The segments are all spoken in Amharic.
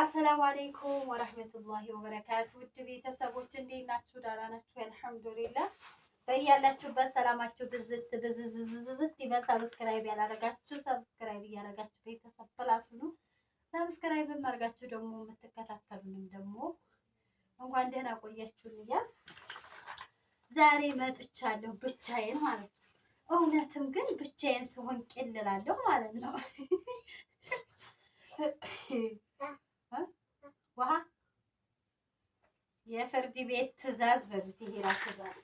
አሰላሙ አሌይኩም ወረህመቱላሂ ወበረካቱ። ውድ ቤተሰቦች እንዴት ናችሁ? ደህና ናችሁ? አልሐምዱሊላህ። በያላችሁበት ሰላማችሁ ብዝት ብዝዝዝዝት ይበል። ሰብስክራይብ ያላረጋችሁ ሰብስክራይብ እያረጋችሁ ቤተሰብ ፕላሱኑ ሰብስክራይብ አርጋችሁ ደግሞ የምትከታተሉንም ደግሞ እንኳን ደህና ቆያችሁን እያል ዛሬ መጥቻለሁ ብቻዬን ማለት ነው። እውነትም ግን ብቻዬን ስሆን ቅልላለሁ ማለት ነው። ውሃ የፍርድ ቤት ትዕዛዝ በሉት። ይሄ ትዕዛዝ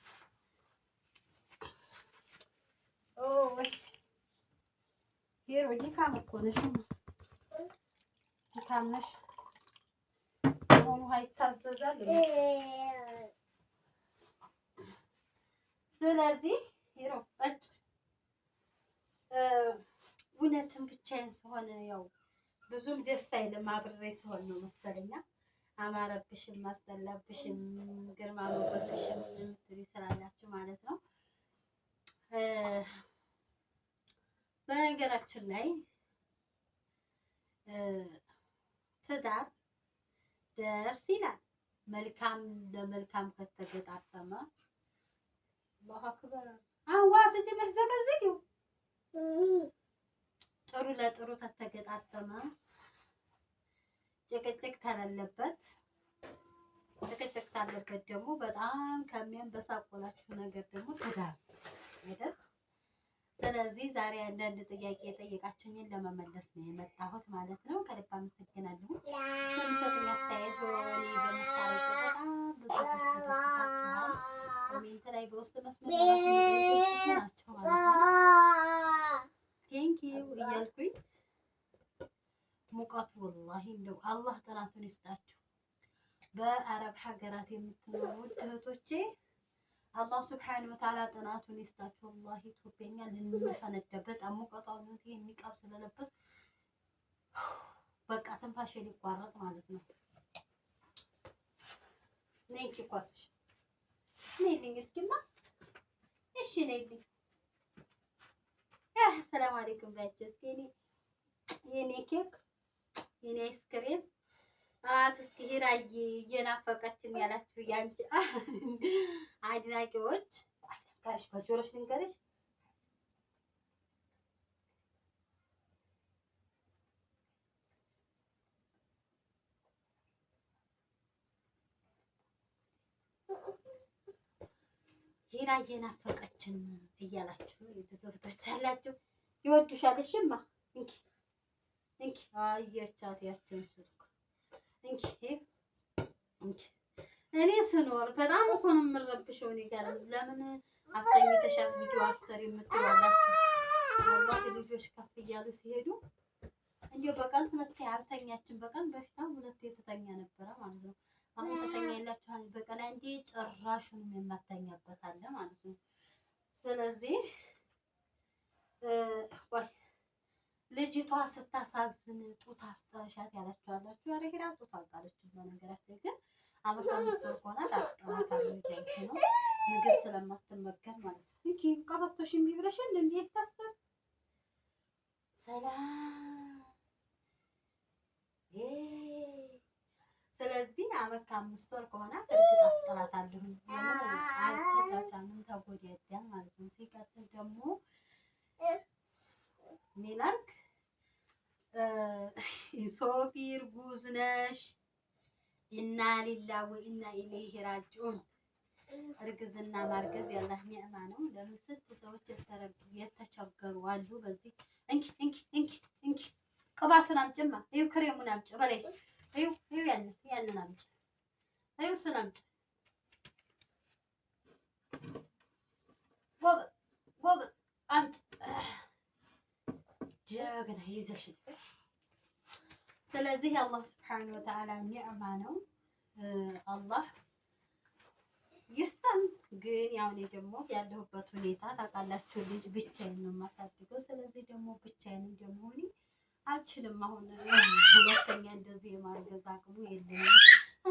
ሄሮ ድካም እኮ ነሽ፣ ድካም ነሽ። አሁን ውሃ ይታዘዛል። ስለዚህ ሄሮ እውነትም ብቻዬን ስሆን ያው ብዙም ደስ አይልም። አብሬ ሲሆን ነው መሰለኛ አማረብሽም፣ አስጠላብሽም፣ ግርማ ሞገስሽም የምትሉ ስላላችሁ ማለት ነው። በነገራችን ላይ ትዳር ደስ ይላል። መልካም ለመልካም ከተገጣጠመ አዋ ስጅ መስዘቀዘቂው ጥሩ ለጥሩ ተተገጣጠመ ጭቅጭቅ ተለለበት ጭቅጭቅ ታለበት ደግሞ በጣም ከሚያንበሳቆላችሁ ነገር ደግሞ ትዳር አይደል? ስለዚህ ዛሬ አንዳንድ ጥያቄ የጠየቃችሁኝን ለመመለስ ነው የመጣሁት ማለት ነው። ከልብ አመሰግናለሁ። ለምሰጡኝ ያስተያይዞ ዞሮኒ በምታረቁ በጣም ብዙ ተደስታችኋል። ኮሜንት ላይ በውስጥ መስመር ናቸው ማለት ነው። እያልኩኝ ሙቀቱ ወላሂ እንደው አላህ ጥናቱን ይስጣችሁ። በአረብ ሀገራት የምትኖሩ እህቶቼ አላህ ስብሐነሁ ወተዓላ ጥናቱን ይስጣችሁ። ወላሂ ኢትዮጵያኛ ልንፈነዳ በጣም ሙቀቱ አሁን የሚቃብ ስለለበስ በቃ ትንፋሽ ሊቋረጥ ማለት ነው። ነይ ኳስሽ ነይ እስኪማ እሺ ነይ ሰላም አለይኩም ብላችሁ እስኪ የኔ ኬክ የኔ አይስክሬም አት እስኪ ሂራዬ እየናፈቀችን ያላችሁ ያንቺ አድናቂዎች ጋሽ በጆሮሽ ልንገርሽ ሌላ እየናፈቀችን እያላችሁ ብዙ እህቶች አላችሁ። ይወዱሻል። እሽማ እንኪ እንኪ አየቻት ያችን ስልክ እንኪ እንኪ እኔ ስኖር በጣም እኮ ነው የምረብሸው። እኔ ጋር ለምን አስተኝተሻት ቪዲዮ አሰር የምትላላችሁ ወላሂ ልጆች ከፍ እያሉ ሲሄዱ እንዲሁ በቀን ሁለቴ አልተኛችን። በቀን በፊታ ሁለቴ የተተኛ ነበረ ማለት ነው። አሁን ተተኛ የላችኋል። በቀን አንዴ ጭራሹንም የማተኛበት አለ ማለት ነው። ስለዚህ ወይ ልጅቷ ስታሳዝን ጡት አስጠሻት ያላችሁ አላችሁ። ኧረ ሂራ ጡት አልጣለችም። በነገራችን ግን አመት አምስት ወር ከሆናት ነው ምግብ ስለማትመገብ ማለት ነው። እንኪ ቀበቶሽ የሚብለሽን እንዴት ታስብ ሰላም ስለዚህ አመት ከአምስት ወር ከሆናት እርግጥ አስጠራታለሁ። አልተቻቻልንም፣ ተጎዳዳን ማለት ነው። ሲቀጥል ደግሞ ሚላርክ ሶፊ እርጉዝ ነሽ፣ ኢና ሊላ ወኢና ኢለይሂ ራጂዑን። እርግዝና ማርገዝ ያላህ ኒዕማ ነው። ለምን ስንት ሰዎች የተቸገሩ አሉ። በዚህ እንኪ እንኪ እንኪ እንኪ ቅባቱን አምጭማ፣ ይኸው ክሬሙን አምጭ በላይ እዩ እዩ ያንን አምጪ እዩ እሱን አምጪ ጎበዝ ጎበዝ አምጪ ጀግና ይዘሽ ስለዚህ አላህ ስብሓን ወተዓላ ኒዕማ ነው አላህ ይስጠን ግን ያው እኔ ደግሞ ያለሁበት ሁኔታ ታውቃላችሁ ልጅ ብቻዬን ነው የማሳድገው ስለዚህ ደግሞ ብቻዬን ደግሞ አልችልም። አሁን ሁለተኛ እንደዚህ የማርገዝ አቅሙ የለኝም።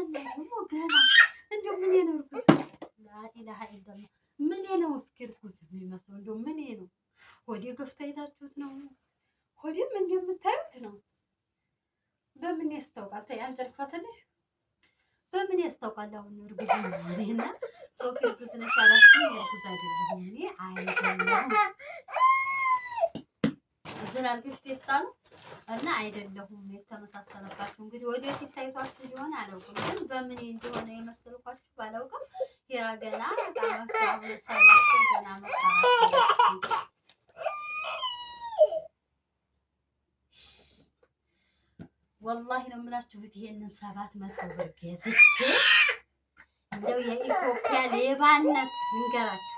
እና ደግሞ ገና እንደው ምን ነው እርጉዝ ላኢላሀ ኢለላ ምን ነው እስኪ እርጉዝ የሚመስለው እንደው ምን ነው ወዲህ ገፍቶ አይታችሁት ነው። ሆዴም እንደምታዩት ነው። በምን ያስታውቃል? ተይ አንጨልፋ ትንሽ በምን ያስታውቃል? አሁን እርጉዝ ነኝና ሶፊ እርጉዝ ነሽ አላችሁኝ። እርጉዝ አይደለሁም እኔ አይደለሁም። እዝን አርገሽ ደስታ ነው እና አይደለሁም የተመሳሰለባችሁ እንግዲህ ወደፊት ታይቷችሁ እንደሆነ አላውቅም፣ ግን በምን እንደሆነ የመሰልኳችሁ ባላውቅም ሄራ ገና ሰላስል ገና መጣራ ወላሂ ነው የምላችሁት። ይሄንን ሰባት መቶ ብር ገዝቼ እንደው የኢትዮጵያ ሌባነት ልንገራችሁ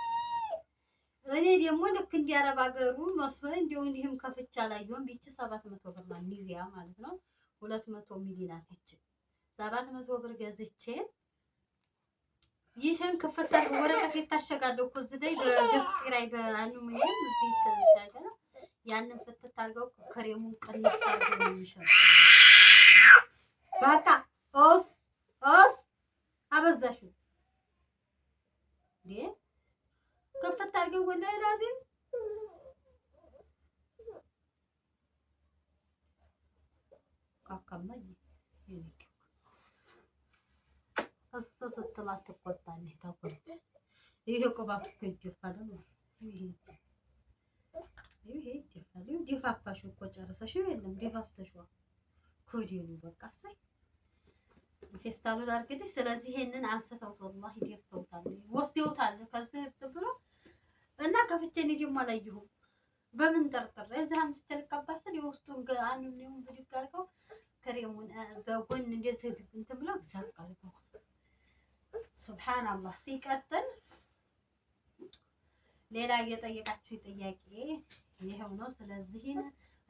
እኔ ደግሞ ልክ እንዲያረብ አገሩ መስሎኝ እንዲሁ እንዲህም ከፍቻ አላየሁም። ይቺ ሰባት መቶ ብር ነው ኒቪያ ማለት ነው። ሁለት መቶ ሚሊ ናት ይቺ ሰባት መቶ ብር ገዝቼ ይህን ክፍት ወረቀት የታሸጋለሁ እኮ እዚህ ላይ በገስ ኪራይ በአሉሚኒየም እዚህ ተዘጋጀ። ያንን ፍትት አድርገው ክሬሙን ቀንስ አድርገው ነው የሚሸጡ። በቃ ኦስ ኦስ አድርገው ወላሂ ላዚም ካካማ ይልክ እሱ ስትላት ትቆጣለህ። ታቆል ይሄ ቅባት እኮ ይጀፋል። ይሄ ይሄ ይጀፋል። ጀፋፋሽ እኮ ጨርሰሽ የለም ጀፋፍተሽዋል። ኮዲኑ በቃ ሳይ ፌስታሉን አድርግልሽ። ስለዚህ ይሄንን አንስተውት ወላሂ ደፍተውታል፣ ወስደውታል ከዚህ ብሎ እና ከፍቼ እኔ ደግሞ አላየሁም። በምን ጠርጥር እዚህ አምስት የውስጡን አንዱን ሊሆን ብድግ አድርገው ክሬሙን በጎን እንደዚህ እንትን ብለው ግዛት አድርገው ሱብሓናላህ። ሲቀጥል ሌላ እየጠየቃችሁ ጥያቄ ይሄው ነው። ስለዚህ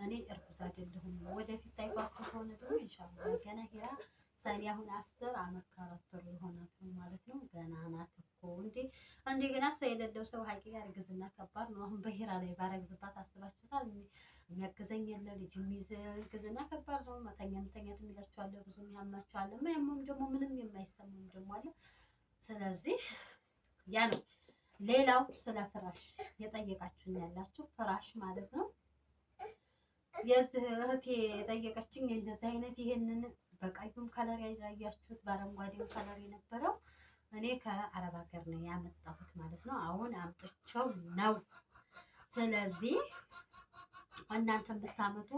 እኔ እርጉዝ አይደለሁም። ወደፊት ታይባችሁ ከሆነ ደግሞ ኢንሻአላህ ገና ሄራ ሳኒ አሁን አስር አመት ከአራት ወር የሆናት ነው ማለት ነው ገና ናት። እንግዲህ እንደገና ሰው የሌለው ሰው ሀቂቃ እርግዝና ከባድ ነው። አሁን በሂራ ላይ ባረግዝባት አስባችሁታል? የሚያግዘኝ የለ ልጅ የሚይዝ እርግዝና ከባድ ነው። መተኛ መተኛት የሚላችኋለሁ ብዙ ያማችኋለ ያመም ደግሞ ምንም የማይሰማም ደግሞ አለ። ስለዚህ ያ ነው። ሌላው ስለ ፍራሽ የጠየቃችሁኝ ያላችሁ ፍራሽ ማለት ነው። የዚህ እህቴ የጠየቀችኝ እንደዚህ አይነት ይህንን በቀዩም ከለር ያያችሁት በአረንጓዴም ከለር የነበረው እኔ ከአረብ ሀገር ነው ያመጣሁት ማለት ነው። አሁን አምጥቼው ነው። ስለዚህ እናንተ ብታመጡ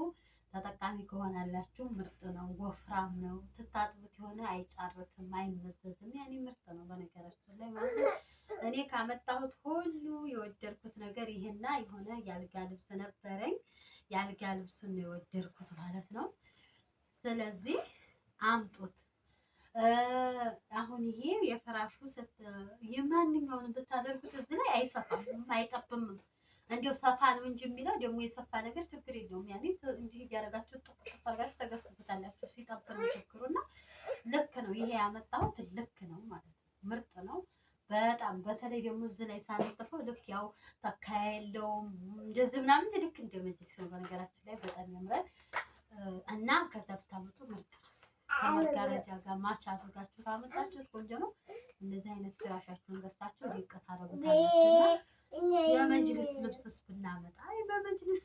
ተጠቃሚ ከሆናላችሁ ምርጥ ነው። ወፍራም ነው። ትታጥቡት የሆነ አይጫርትም፣ አይመዘዝም። ያኔ ምርጥ ነው። በነገራችን ላይ ማለት ነው እኔ ካመጣሁት ሁሉ የወደድኩት ነገር ይሄና የሆነ የአልጋ ልብስ ነበረኝ። የአልጋ ልብሱን ነው የወደድኩት ማለት ነው። ስለዚህ አምጡት። አሹ የማንኛውንም ብታደርጉት እዚህ ላይ አይሰፋም አይጠብምም። እንዲው ሰፋ ነው እንጂ የሚለው ደግሞ የሰፋ ነገር ችግር የለውም። ያኔ እንዲህ እያደረጋችሁ ጥፍ አድርጋችሁ ተገስቡታላችሁ። ሲጠብ ነው ችግሩ እና ልክ ነው። ይሄ ያመጣሁት ልክ ነው ማለት ነው። ምርጥ ነው በጣም በተለይ ደግሞ እዚህ ላይ ሳነጥፈው ልክ ያው ተካ የለውም እንደዚህ ምናምን ልክ እንደ መጅልስ ነው። በነገራችን ላይ በጣም ያምራል እና ከዛ ብታመጡ ምርጥ ከመጋረጃ ጋር ማች አድርጋችሁ ካመጣችሁት ቆንጆ ነው። እንደዚህ አይነት ፍራሻችሁን ገዝታችሁ ድቀት አደረጉታላችሁ። የመጅልስ ልብስስ ብናመጣ አይ በመጅልስ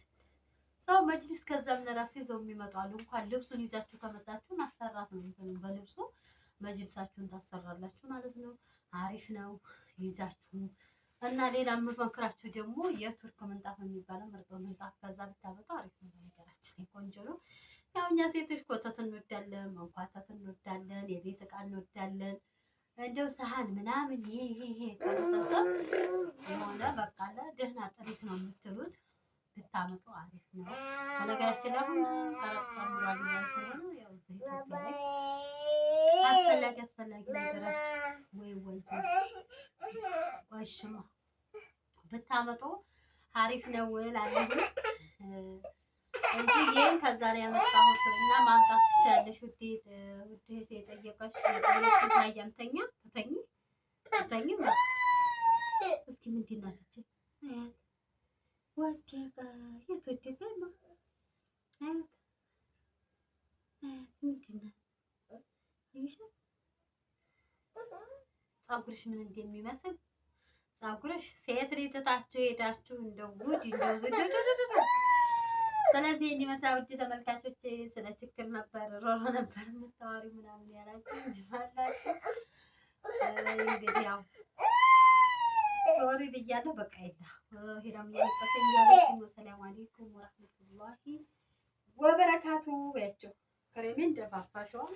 ሰው መጅልስ ከዛም ለራሱ ይዘው የሚመጡ አሉ። እንኳን ልብሱን ይዛችሁ ከመጣችሁ ማሰራት ነው እንትኑን በልብሱ መጅልሳችሁን ታሰራላችሁ ማለት ነው። አሪፍ ነው ይዛችሁ እና ሌላ የምመክራችሁ ደግሞ የቱርክ ምንጣፍ የሚባለው ምርጥ ምንጣፍ ከዛ ብታመጡ አሪፍ ነው። በነገራችን ቆንጆ ነው። ያው እኛ ሴቶች ኮተት እንወዳለን፣ መንኳተት እንወዳለን፣ የቤት ዕቃ እንወዳለን። እንደው ሰሃን ምናምን ይሄ ይሄ ይሄ ከመሰብሰብ የሆነ በቃ ለደህና ጥሪት ነው የምትሉት ብታመጡ አሪፍ ነው። በነገራችን ላይ ቀረጥ ጨምሯል ስለሆነ ያው እዚህ ኢትዮጵያ ላይ አስፈላጊ አስፈላጊ ነገራች ወይ ወይ ወሽማ ብታመጡ አሪፍ ነው እላለሁ። እንጂ ይህን ከዛ ላይ ያመጣሁት እና ማምጣት ትችላለሽ ውዴት ውዴት የጠየቀች ታያምተኛ ተኛ ተተኝ ተተኝ እስኪ ምንድን ናት አያት ወደቀ የት ወደቀ ነው አያት አያት ምንድን ናት ፀጉርሽ ምን እንደሚመስል ፀጉርሽ ሴት ሬትታችሁ ሄዳችሁ እንደው ጉድ እንደው ዝግጅት ስለዚህ እንዲመስላ ውድ ተመልካቾች ስለ ስክር ነበር ሮሮ ነበር የምታወሪው ምናምን ያላችሁ እንዲማላችሁ ያው ሶሪ ብያለሁ። በቃ ይዛ ሄዳም ሰላም ወበረካቱ ያቸው ደፋፋሸዋል